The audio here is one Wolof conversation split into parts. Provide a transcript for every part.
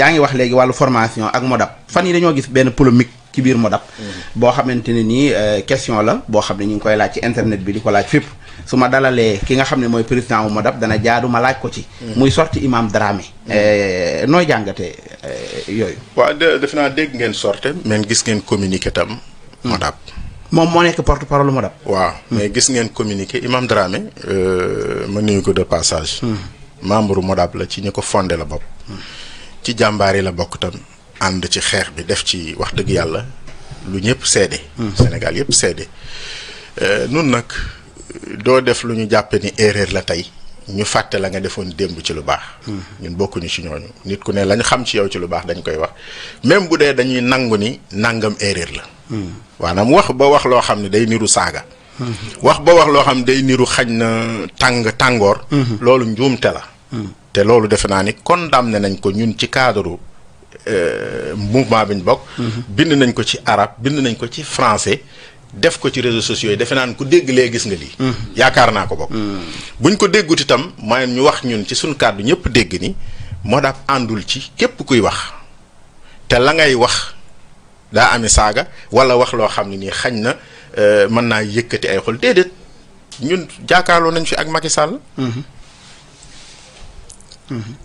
yaa ngi wax léegi wàllu formation ak modab fan yi dañoo gis benn polémique ci biir modab mm-hmm. boo xamante ne nii euh, question la boo xam ne ñu ngi koy laaj ci internet bi di ko laaj fépp su ma dalalee ki nga xam ne mooy président wu modab dana jaadu ma laaj ko ci mm-hmm. muy sorti imam Dramé mm-hmm. euh, nooy jàngate euh, yooyu waaw def naa dégg ngeen sorte même gis ngeen communiqué tam mm. modab moom moo nekk porte parole modab waaw mm. mais gis ngeen communiqué imam Dramé ma nuyu ko de passage mm. membre modab la ci ñu ko fondé la bopp ci jàmbaar yi la bokk tam ànd ci xeex bi def ci wax dëgg yàlla lu ñëpp seede hmm. Sénégal yëpp seede euh, nun nag doo def lu ñu jàppe ni erreur la tey ñu fàtte la nga defoon démb ci lu baax hmm. ñun bokkuñu ci ñooñu nit ku ne lañ xam ci yow ci lu baax dañ koy wax même bu dee dañuy nangu ni nàngam erreur la hmm. waanaam wax ba wax loo xam ne day niru saaga wax ba wax loo xam ne day niru xañ na tàng tàngoor loolu njuumte la te loolu defe naa ni kon dam ne nañ ko ñun ci cadre euh, mouvement bi ñu bokk. Mm-hmm. bind nañ ko ci arab bind nañ ko ci francais def ko ci réseaux sociaux yi defe naa ni ku dégg lee gis nga lii. Mm-hmm. yaakaar naa ko bokk. Mm-hmm. buñ ko déggut itam mooy ñu wax ñun ci suñu kàddu ñëpp dégg ni moo daal àndul ci képp kuy wax te la ngay wax daa ami saaga wala wax loo xam ne nii xañ na euh, mën naa yëkkati ay xol déedéet ñun jàkkaarloo nañ fi ak Macky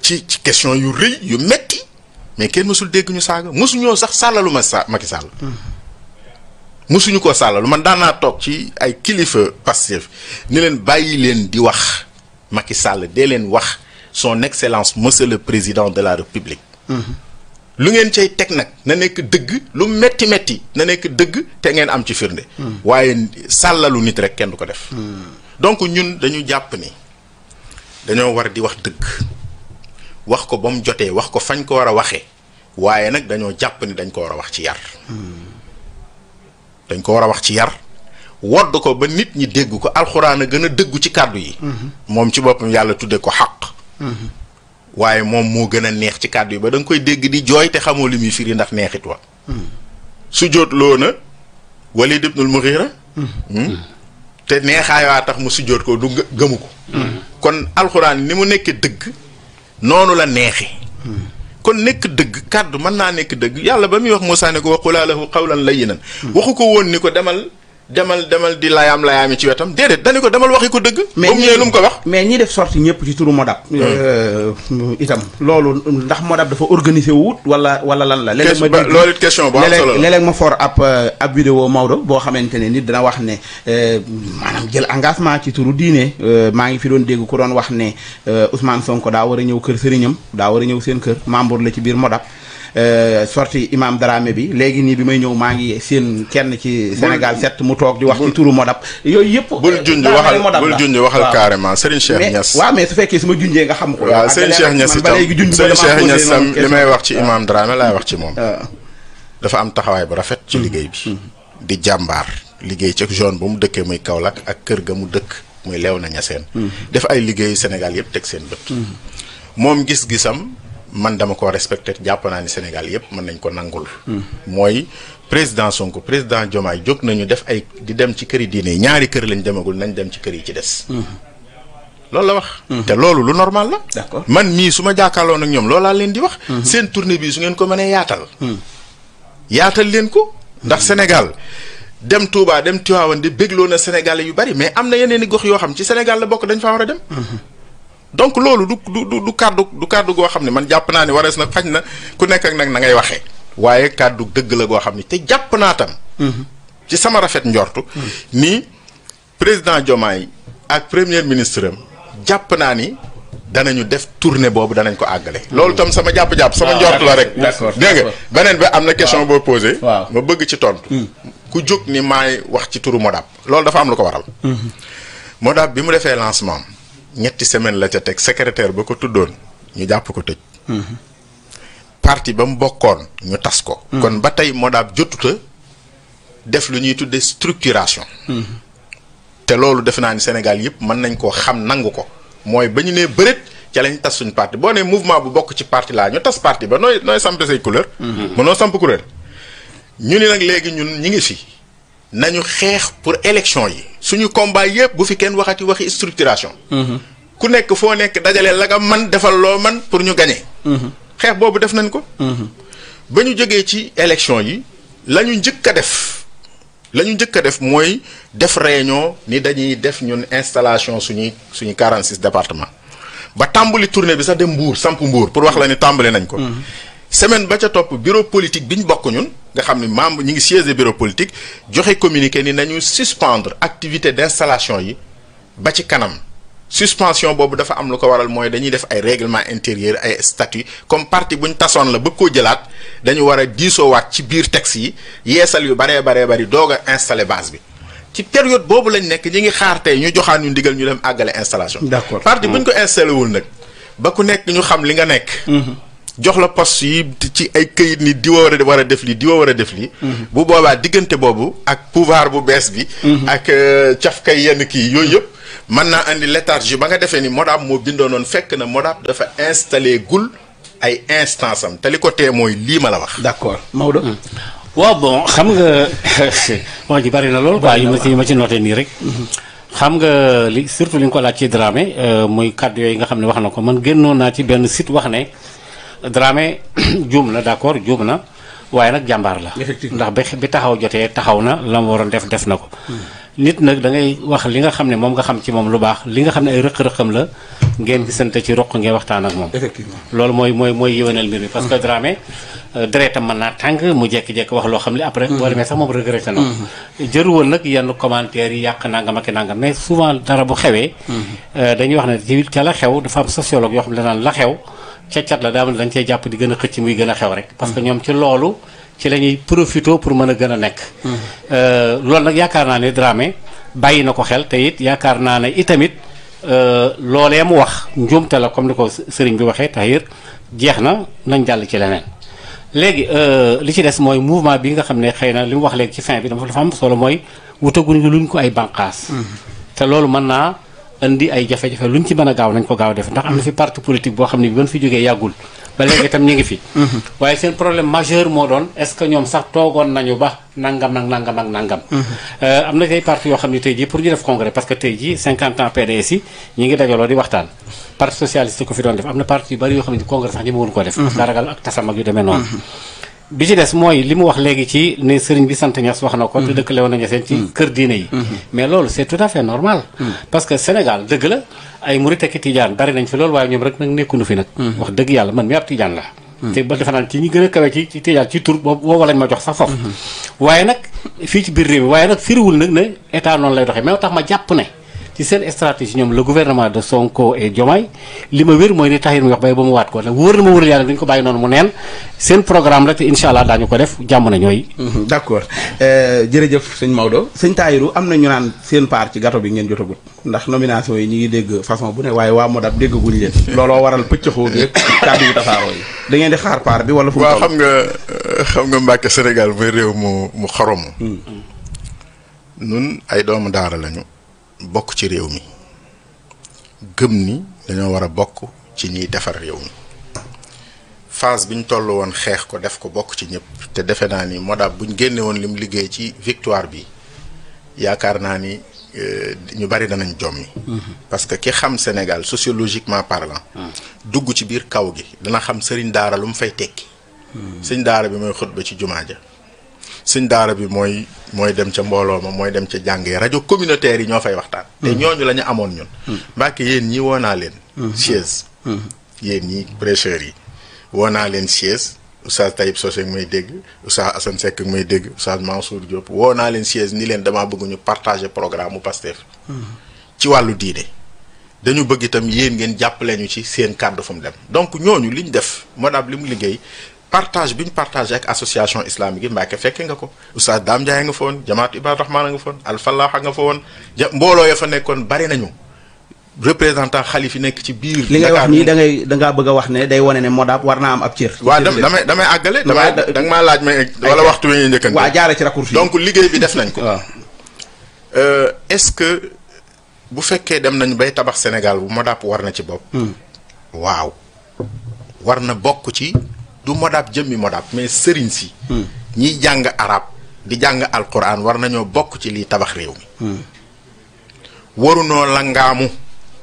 ci ci question yu rëy yu metti mais kenn mësul dégg ñu saaga mësuñoo sax sàllalu ma sa Macky Sall mësuñu ko sàllalu man daan naa toog ci ay kilifa Pastef ni leen bàyyi leen di wax Macky Sall de leen wax son excellence monsieur le président de la république lu ngeen cay teg nag na nekk dëgg lu metti metti na nekk dëgg te ngeen am ci firnde waaye sàllalu nit rek kenn du ko def hmm. donc ñun dañu jàpp ni dañoo war di wax dëgg wax ko ba mu jotee wax ko fañ ko war a waxee waaye nag dañoo jàpp ni dañ ko war a wax ci yar ko war a wax ci yar wodd ko ba nit ñi dégg ko alxuraan a gën a dëggu ci kàddu yi mm-hmm. moom ci boppam yàlla tudde ko xaq mm-hmm. waaye moom moo gën a neex ci kàddu yi ba da koy dégg di jooy te xamoo li muy firi ndax neexit wa mm-hmm. su jóot loo na walla Walid ibnul Mughira hmm? te neexaay waa tax mu sujjóot ko du gëmu ko kon alxuraan ni mu nekkee dëgg noonu la neexi kon nekk dëgg kàddu mën naa nekk dëgg yàlla ba muy wax Moussa ne ko wa qulaa lahu qawlan layyinan hmm. waxu ko woon ni ko demal demal demal di layaam layaami ci wetam déedéet dañu ko demal waxi ko dëgg. mais ñi lu mu ko wax. mais ñi def sorti ñëpp ci turu Modab. Hmm. Euh, itam loolu ndax Modab dafa organiser wut wala wala lan la. léeg-léeg ma dégg loolu question bu am solo la léeg ma for ab euh, ab vidéo Maodo boo xamante ne nit dina wax ne euh, maanaam jël engagement ci turu diine maa ngi fi doon dégg ku doon wax ne Ousmane Sonko daa war a ñëw kër sëriñam daa war a ñëw seen kër membre la ci biir Modab. Euh, sorti imaam drame bi léegi nii bi may ñëw maa ngi seen kenn ci Sénégal set mu toog di wax ci turu Modap yooyu yëpp bul euh, junj waxal bul junj waxal carrément Serigne Cheikh Niass waaw mais su fekkee su ma nga xam ko waaw Serigne Cheikh Niass itam Serigne Cheikh Niass sam li may wax ci imam Dramé laay wax ci moom ah. dafa am taxawaay bu rafet ci hmm. liggéey bi hmm. di jàmbaar liggéey ci zone bu mu dëkkee muy Kaolack ak kër ga mu dëkk muy lew na ñaseen def ay liggéeyu Sénégal yëpp teg seen bët hmm. moom gis-gisam man dama ko respecté jàpp naa ni Sénégal yëpp mën nañ ko nangul. Hmm. mooy président Sonko président Diomaye jóg nañu def ay di dem ci kër yi diine ñaari kër lañ demagul nañ dem ci kër yi ci des. Hmm. loolu la wax. Hmm. te loolu lu normal la. d'accord man mii su ma jàkkaarloon ak ñoom loolaa leen di wax. seen tournée bi su ngeen ko mënee yaatal. yaatal leen ko. ndax Sénégal dem Touba dem Tivaouane de bégloo na Sénégalais yu bari mais am na yeneen i gox yoo xam ci Sénégal la bokk dañ faa war dem. donc loolu du du du kàddu du kàddu goo xam ne man jàpp naa ne warees nag xaj na ku nekk ak nag na ngay waxee waaye kàddu dëgg la goo xam ne te jàpp naa tam mhm. ci sama rafet njortu mhm. ni président Diomaye ak premier ministre am jàpp naa ni danañu def tourne boobu danañ ko àggale. Mhm. loolu tam sama jàpp-jàpp sama njort la rek. d'accord dégg nga beneen bi am na question boo posé. ma bëgg ci tontu. ku jóg ni maay wax ci turu Modap. loolu dafa am lu ko waral. Modap bi mu defee lancement ñetti semaine la ca teg secrétaire ba ko tuddoon ñu jàpp ko tëj. parti ba mu bokkoon ñu tas ko. kon ba tey Modab jotuta def lu ñuy tuddee structuration. te loolu defe naa ni Sénégal yëpp mën nañ koo xam nangu ko mooy ba ñu nee bëreet ca lañ tas suñu parti boo nee mouvement bu bokk ci parti laa ñu tas parti ba nooy nooy samp say couleur. Mhm. mënoo samp couleur ñu ni nag léegi ñun ñi ngi fii nañu xeex pour élection yi suñu combat yëpp bu fi kenn waxati waxi structuration. Mhm. ku nekk foo nekk dajalee la nga man defal loo man pour ñu gagné. Mhm. xeex boobu def nañ ko. Mhm. ba ñu jógee ci élection yi la ñu njëkk a def la njëkk a def mooy def réunion ni dañuy def ñun installation suñuy suñu 46 département ba tàmbali tournée bi sax dem Mbour samp Mbour pour wax la ni tàmbali nañ ko. semaine ba ca topp bureau politique bi ñu bokk ñun. nga xam ni membre ñi ngi siège de bureau politique joxe communiqué ni nañu suspendre activité d'installation yi ba ci kanam suspension boobu dafa am lu ko waral mooy dañuy def ay réglement intérieur ay statut comme parti bu ñu tasoon la ba koo jëlaat dañu war a diisoowaat ci biir texte yi yeesal yu baree baree bari doog a installé base bi ci période boobu lañ nekk ñi ngi xaar tey ñu joxaan ñu ndigal ñu dem àggale installation. d'accord parti bu ñu mm. ko installé wul nag ba jox la post yi ci ay kayit ni diwa war a war a def lii diwa war a def lii. Mhm. bu boobaa diggante boobu ak pouvoir bu bees bi. Mhm. ak euh, cafkay yenn kii yooyu yëpp. mën naa indi andi léthargie ba nga defee nii Modap moo bindoo noonu fekk na Modap dafa installé gul ay instance am mooy lii ma la wax. d'accord Maodo. Hmm. waaw bon xam nga wax ji bari na lool. bari na waaw ma ci noté nii rek. Mhm. xam nga li surtout li nga ko laaj ci Dramé euh, mooy kàddu yooyu nga xam ne wax na ko man génnoon naa ci benn site wax ne. Dramé juum na d'accord juum na waaye nag jàmbaar la. ndax bi bi taxaw jotee taxaw na la mu waroon def def na ko. Hmm. nit nag da ngay wax li nga xam ne moom nga xam ci moom lu baax li nga xam ne ay rëq-rëqam la ngeen gisante ci roq ngeen waxtaan ak moom. effectivement loolu mooy mooy mooy yéwénal mbir mi. parce que Dramé euh, deretam ma naa tàng mu jékki-jékki wax loo xam ne après. boo demee sax moom regretté jër hmm. jëru nag yenn commentaires yi yàq nangam ak nangam mais souvent dara bu xewee. Hmm. Euh, dañuy wax ne ci la xew dafa am sociologue yoo xam ne danaan la xew. ca cat la daa mel dañ cey jàpp di gën a xëcc muy gën a xew rek parce ñoom ci loolu ci la ñuy profité pour mën a gën a nekk euh, loolu nag yaakaar naa ne Dramé bàyyi na ko xel te it yaakaar naa ne itamit euh, loolee mu wax njuumte la comme ni ko sëriñ bi waxee Tahir jeex na nañ jàll ci leneen léegi euh, li ci des mooy mouvement bi nga xam ne xëy na li mu wax léegi ci fin bi dafa am solo mooy wutagu wutaguñ luñ ko ay bànqaas mmh. te loolu mën naa indi ay jafe-jafe luñ ci mën a gaaw nañ ko gaaw def ndax am na fi parti politique boo xam ne bi ban fi jógee yàggul ba léegi itam ñu ngi fi mhm. waaye seen problème majeur moo doon est ñoom sax toogoon nañu ba nangam ak nangam mhm. euh, am na ay parti yoo xam ne tey jii pour ñu def congrès parce que tey jii ans PDS yi ñi ngi dajaloo di waxtaan parti socialiste ko fi doon def am na parti yu bari yoo xam ne congrès sax ñi mëwul ko def parce mhm. que ragal ak tasam ak bi ci des mooy li mu wax léegi ci ne sëriñ bi sant Niass wax na ko. te mm-hmm. dëkkale woon na Niassène ci mm-hmm. kër diine yi. Mm-hmm. mais loolu c' tout à fait normal. parce que Sénégal dëgg la ay murit ak tijaan bari nañ fi loolu waaye ñoom rek nag nekkuñu fi nag. wax dëgg yàlla man mi ab tijaan la. te ba defe ci ñi gën a kawe ci ci tijaan ci tur boobu lañ ma jox sax foofu. waaye nag fii ci biir réew mi waaye nag firiwul nag ne état noonu lay doxee mais tax ma jàpp ne. ci seen stratégie ñoom la gouvernement de Sonko et Diomaye li ma wér mooy ni Tahir mi wax bay ba mu waat ko nag wóor na ma wóor yàlla dañu ko bàyyi noonu mu neen seen programme la te incha allah daañu ko def jàmm na ñooy. Mhm, d' accord euh, jërëjëf sëñ Maodo sëñ Tahirou am na ñu naan seen part ci gato bi ngeen jotagul ndax nomination yi ñu ngi dégg façon bu ne waaye waa Modab déggaguñ leen. looloo waral pëccëxoo bi rek kàddu yu tasaaroo yi. da ngeen di xaar paar bi wala. fu mu nga euh, xam nga Mbàkke réew mu mu xorom. ñun hmm. ay doomu daara lañu bokk ci réew mi gëm ni dañoo war a bokk ci ñuy defar réew mi phase bi ñu toll woon xeex ko def ko bokk ci ñëpp te defe naa ni Modab bu ñu génne woon lim liggéey ci victoire bi yaakaar naa ni euh, ñu bari danañ jommi. Mm-hmm. parce que ki xam Sénégal sociologiquement parlant. Mm. dugg ci biir kaw gi dana xam sëriñ daara lu mu fay tekki. Mm. sëriñ daara bi mooy xutba ci jumaa ja sëñ daara bi mooy mooy dem ca mbooloo ma mooy dem ca jàngee rajo communautaire yi ñoo fay waxtaan. te mm-hmm. ñoo la ñu amoon ñun. Mm-hmm. Mbàkke yéen ñii woo naa leen. Mm-hmm. chaise. yéen ñi prêcheurs yi woo naa leen chaise Oustaz Taïb Socé mooy dégg Oustaz Assane Seck mooy dégg Oustaz Mansour Diop woo naa leen chaise ni leen damaa bëgg ñu partager programme mu Pastef. ci wàllu diine. dañu bëgg itam yéen ngeen jàppale ñu ci seen kàddu fu mu dem donc ñooñu liñ def moo li mu liggéey. partage bi partage partagé ak association islamique yi Mbàkke fekke nga ko oustaz Dame Ndiaye nga fa woon jamaatu Ibaadu a nga fa woon a nga fa woon ja fa nekkoon bari nañu représentant xalif yi nekk ci biir. li ngay wax nii da ngay da bëgg a wax ne day wane ne Modab war na am ab cër. waaw damay damay àggale. damay da nga maa laaj ma wala waxtu wi ñuy njëkkante. waaw jaaree ci raccourci donc liggéey bi def nañ ko. Euh, est-ce que bu fekkee dem nañ bay tabax Sénégal bu Modab war na ci bopp. Hmm. waaw na bokk ci. du modab jëmmi modab mais sëriñ si. Hmm. ñiy jàng arab di jàng alquran war nañoo bokk ci lii tabax réew mi. Hmm. warunoo langaamu.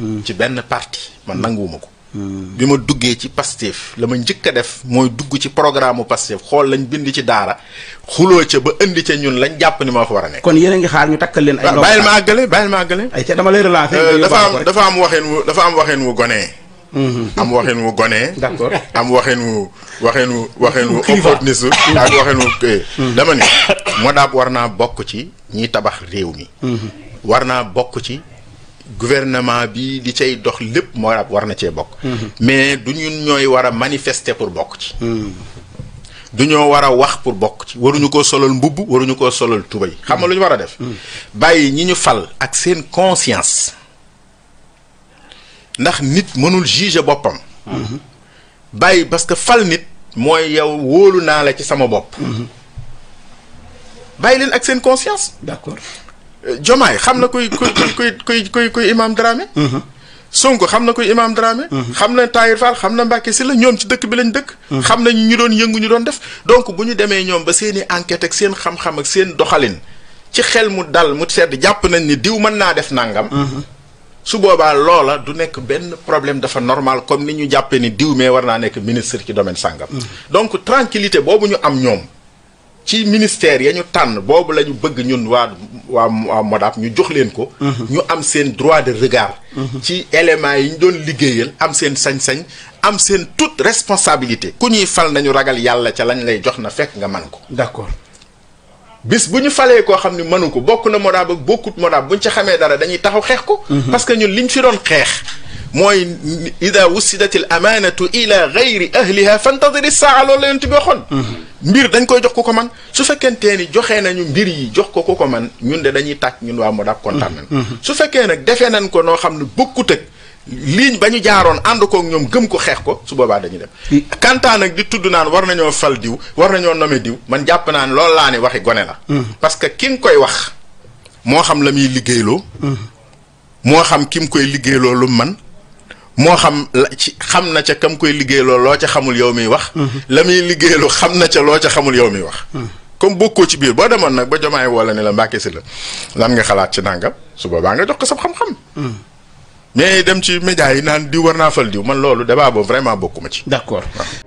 Hmm. ci benn parti man nanguwuma ko. bi ma duggee ci Pastef la ma njëkk a def mooy dugg ci programme Pastef xool lañ bind ci daara xuloo ca ba indi ca ñun lañ jàpp ni ma fa war a nekk. kon yéen a ngi xaar ñu takkal leen. ay bàyyil ma àggale bàyyil ma àggale. Euh, dafa am dafa wu dafa am waxeen wu gone. Mm-hmm. am waxin wu gone. d'accord am waxin wu waxin wu waxin wu opportuniste ak waxin wu eh, mm-hmm. dama ni Modab war naa bokk ci ñiy tabax réew mi mm-hmm. war naa bokk ci gouvernement bi di cay dox lépp Modab war na cee bokk mais du ñun ñooy war a manifester pour bokk ci du ñoo war a wax pour bokk ci waruñu ko solal mbubb waruñu koo solal tubay xam nga lu ñu war a def bàyyi ñi ñu fal ak seen conscience ndax nit mënul juger boppam. bàyyi parce que fal nit mooy yow wóolu naa la ci sama bopp. bàyyi leen ak seen conscience. d'accord Jomaay euh, xam na kuy kuy kuy kuy kuy kuy Imaam Dramé. Uh-huh. Sonko xam na kuy Imaam Dramé. Uh-huh. xam na Tahir Fall xam na si la ñoom ci dëkk bi leen dëkk. Uh-huh. xam nañ ñu doon yëngu ñu doon def donc bu ñu demee ñoom ba seen i ak seen xam-xam ak seen doxalin ci xel mu dal mu sedd jàpp nañ ni diw mën naa def nangam. su boobaa loola du nekk benn problème dafa normal comme ni ñu jàppee ni diw mais war naa nekk ministre ci domaine sàngam. Mm. donc tranquillité boobu ñu am ñoom ci ministère ya ñu tànn boobu la ñu bëgg ñun waa waa waa Modap ñu jox leen ko. Mm-hmm. ñu am seen droit de regard. Mm-hmm. ci éléments yi ñu doon liggéeyal am seen sañ-sañ am seen toute responsabilité. ku ñuy fal nañu ragal yàlla ca lañ lay jox na fekk nga man ko. d'accord. bis bu ñu falee koo xam ne mënu ko bokk na modaab ak bokkut modaab bu ñu ci xamee dara dañuy taxaw xeex ko mhm. parce que ñun liñ fi doon xeex mooy ida wussidat al amanatu ila gayri ahliha fantadiri saa loolu la yonent bi waxoon mhm. mbir dañ koy jox ko ko man su fekkentee ni joxee nañu mbir yi jox ko ko ko man ñun de dañuy tàkk ñun waa modaab kontaan nañ mhm. su fekkee nag defee nañ ko noo xam ne bokkut ak ligne ba ñu jaaroon ànd kook ñoom gëm ko xeex ko su boobaa dañuy dem. kantaan nag di tudd naan war nañoo fal diw war nañoo nome diw man jàpp naa ne loolu laa ne waxi gone la. Mm. parce que ki nga koy wax moo xam la muy liggéeyloo. Mm. moo xam ki mu koy liggéeyloo lu man moo xam ci xam na ca kam koy liggéeyloo loo ca xamul yow miy wax. Mm-hmm. la muy liggéeyloo xam na ca loo ca xamul yow miy wax. Mm. comme bokkoo ci biir boo demoon nag ba jomaay wala ne la Mbàkke si la lan nga xalaat ci nangam su boobaa nga jox ko sa xam-xam. mais dem ci média yi naan diw war naa fal diw man loolu débat boobu vraiment ma ci. d'accord.